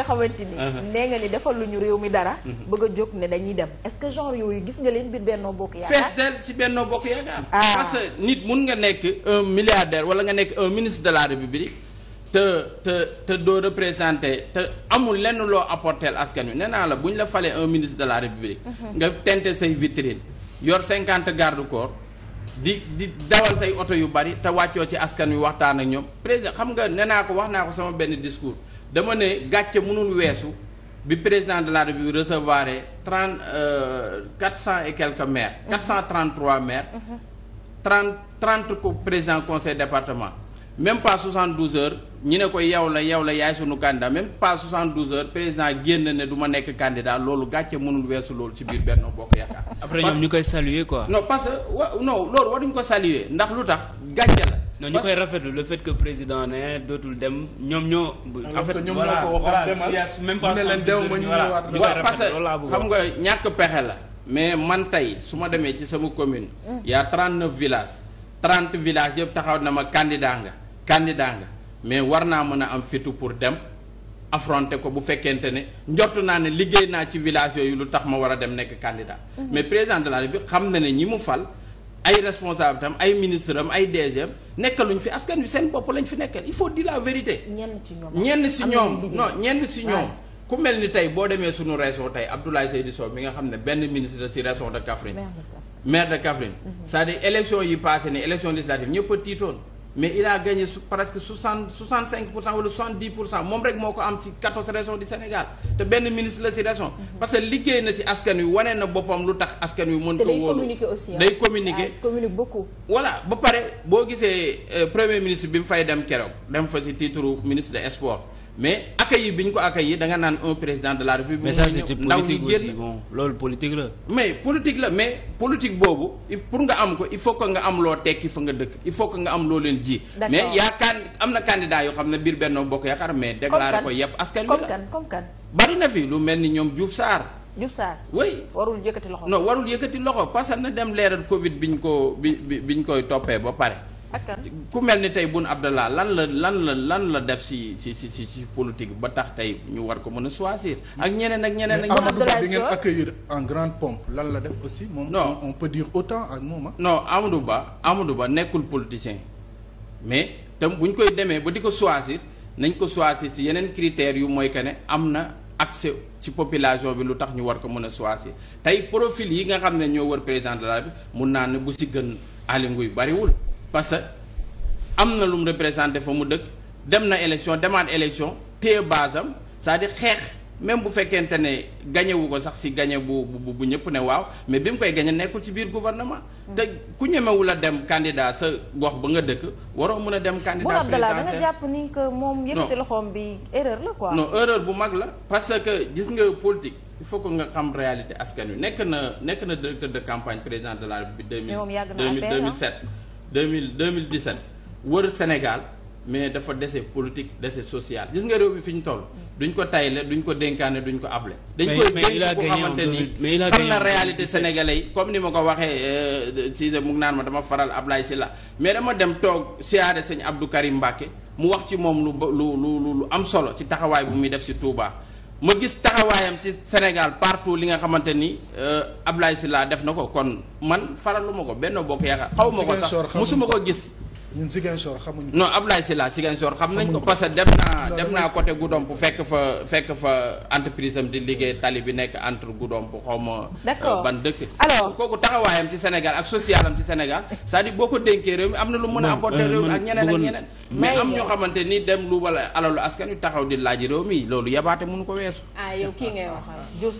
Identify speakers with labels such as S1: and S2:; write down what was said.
S1: nga xamante ni uh-huh. nee nga ni defal lu ñu réew mi dara uh-huh. bëgg a jóg ne dañuy dem est-ce que genre yooyu gis nga leen biir bennoo bokk yaakaar fees del ci bennoo bokk yaakaar ah. parce que nit mun nga nekk un milliardaire wala nga nekk un ministre de la république te te te doo représenté te amul lenn loo apporteel askan wi nee naa la bu ñu la falee un ministre de la république uh-huh. nga tente say vitrine yor cinquante garde corps di di dawal say oto yu bari te wàccoo ci askan wi waxtaan ak ñoom président xam nga nee naa ko wax naa ko sama benn discours dama ne gàcce mënul weesu bi président de la République recevoir trente euh, quatre cent et quelques maires. Mhm. quatre cent trente trois maires. Mhm. trente trente co président conseil département. même pas 72 heures ñu ne ko yow la yow la yaay sunu candidat même pas 72 heures président génn ne du ma nekk candidat loolu gàcce mënul weesu loolu ci biir Benno Bokk Yaakaar. après ñoom ñu koy saluer quoi. non parce que wa non loolu waruñu ko saluer ndax lu tax gàcce la. non ñu koy rafetlu le fait président ne dootul dem ñoom ñoo. en fait voilà voilà même pas leen dew ma ñu ñëwaat voilà parce que xam nga ñàkk pexe la. mais man tey su ma demee ci sama commune. Hmm. y' a 39 villages. 30 villages yëpp taxaw na ma candidat nga candidat nga mais war naa mën a am fitu pour dem. affronté ko bu fekkente ne njortu naa ne liggéey naa ci village yooyu lu tax ma war a dem nekk candidat. Hmm. mais président de la République xam na ne ñi mu fal. ay responsable tam ay ministre am ay DG am nekkaluñ fi askan wi seen bopp lañ fi nekkal il faut di la vérité. ñenn ñenn si ñoom non ñenn si ñoom. ku mel ni tey boo demee suñu région tey Abdoulaye Seydou Sow bi nga xam ne benn ministre ci raison de Kaffrine. maire de Kaffrine. Mhm. c'est-à-dire élection yi passé ni élection législative ñëpp a tiitoon. mais il a gagné presque soixante soixante cinq pour cent wala soixante dix pour cent moom rek moo ko am ci quatorze régions du Sénégal te benn ministre la ci région. Mm-hmm. parce que liggéey na ci askan wi wane na boppam lu tax askan wi. mën ko wóolu day communiquer aussi day communiquer communique beaucoup. voilà ba pare boo gisee euh, premier ministre bi mu fay dem keroog dem fa ci titre ministre des sports. mais accueil bi ñu ko accueillir da nga naan un président de la république. mais ça c'était politique aussi bon loolu la. mais politique la mais politique boobu pour nga am ko il faut que nga am loo tekki fa nga dëkk il faut que nga am loo leen ji. mais yaa kan am na candidat yoo xam ne biir Benno Bokk Yaakaar mais. déclaré ko yëpp askan wi la comme kan comme kan. bari na fi lu mel ni ñoom Diouf Sarr. Diouf Sarr oui. warul yëkkati loxo non warul yëkkati loxo parce que na dem leeral Covid bi ñu ko bi bi ñu koy toppee ba pare. ku mel ni tey Boun Abdallah lan la lan la lan la def si ci si si si politique ba tax tey ñu war ko mën a choisir. ak ñeneen ak ñeneen ak. Amadou Ba bi ngeen en grande pompe lan la def aussi. moom on peut dire autant ak moom ah. non Ba Amadou Ba nekkul politicien mais tam bu ñu koy demee ba di ko choisir nañ ko choisir ci yeneen critères yu mooy que ne am na accès ci population bi lu tax ñu war ko mën a choisir tey profil yi nga xam ne ñoo wër président de la mun naa ne bu si gën alingu yu bariwul. parce que am na lu mu représenté fa mu dëkk dem na élection demaat élection téye baasam saa à xeex même bu fekkente ne gagné ko sax si gagné bu bu bu ñëpp ne waaw mais bi mu koy gagné nekkul ci biir gouvernement. Hmm. te ku ñemewu la dem candidat sa gox ba nga dëkk waroo mën a dem. candidat présidentiel Abdallah da nga jàpp ni que moom yëkkati loxoom bi erreur la quoi. non erreur bu mag la parce que gis nga politique il faut que nga xam réalité askan wi nekk na nekk na directeur de campagne président de la République. deux mille deux mille deux mille deux mille dix-sept wër Sénégal mais dafa dese politique dese sociale gis nga réew bi fi ñu toll. duñ ko tayle duñ ko dénkaane duñ ko able. dañ koy dénk ko xamante ni xam na réalité sénégalais yi comme ni ma ko waxee euh, Cissé mu naan ma dama faral si la mais dama dem toog siyaare sëñ Abdou Karim Mbacke mu wax ci moom lu lu lu lu am solo ci taxawaay bu muy def si Touba. ma gis taxawaayam ci Sénégal partout li nga xamante ni euh, Ablaye Sylla def na ko kon man faraluma ko benn bokk yaakaar xaw ma ko sax suma ko gis ñun Ziguinchor xamuñu non Abdoulaye Sylla Ziguinchor xam nañ ko parce que dem naa dem naa côté Goudomp fekk fa fekk fa entreprise am di liggéey tali bi nekk entre Goudomp xaw ma euh, ban dëkk alors kooku taxawaayam ci Sénégal ak social am ci Sénégal sa à boo ko dénkee réew mi am na lu mën a apporter euh, réew mi ak ñeneen ak ñeneen mais am ñoo xamante ni dem lu wala alalu askan wi taxaw di laaj réew mi loolu yabaate mënu ko weesu ah yow kii ngay wax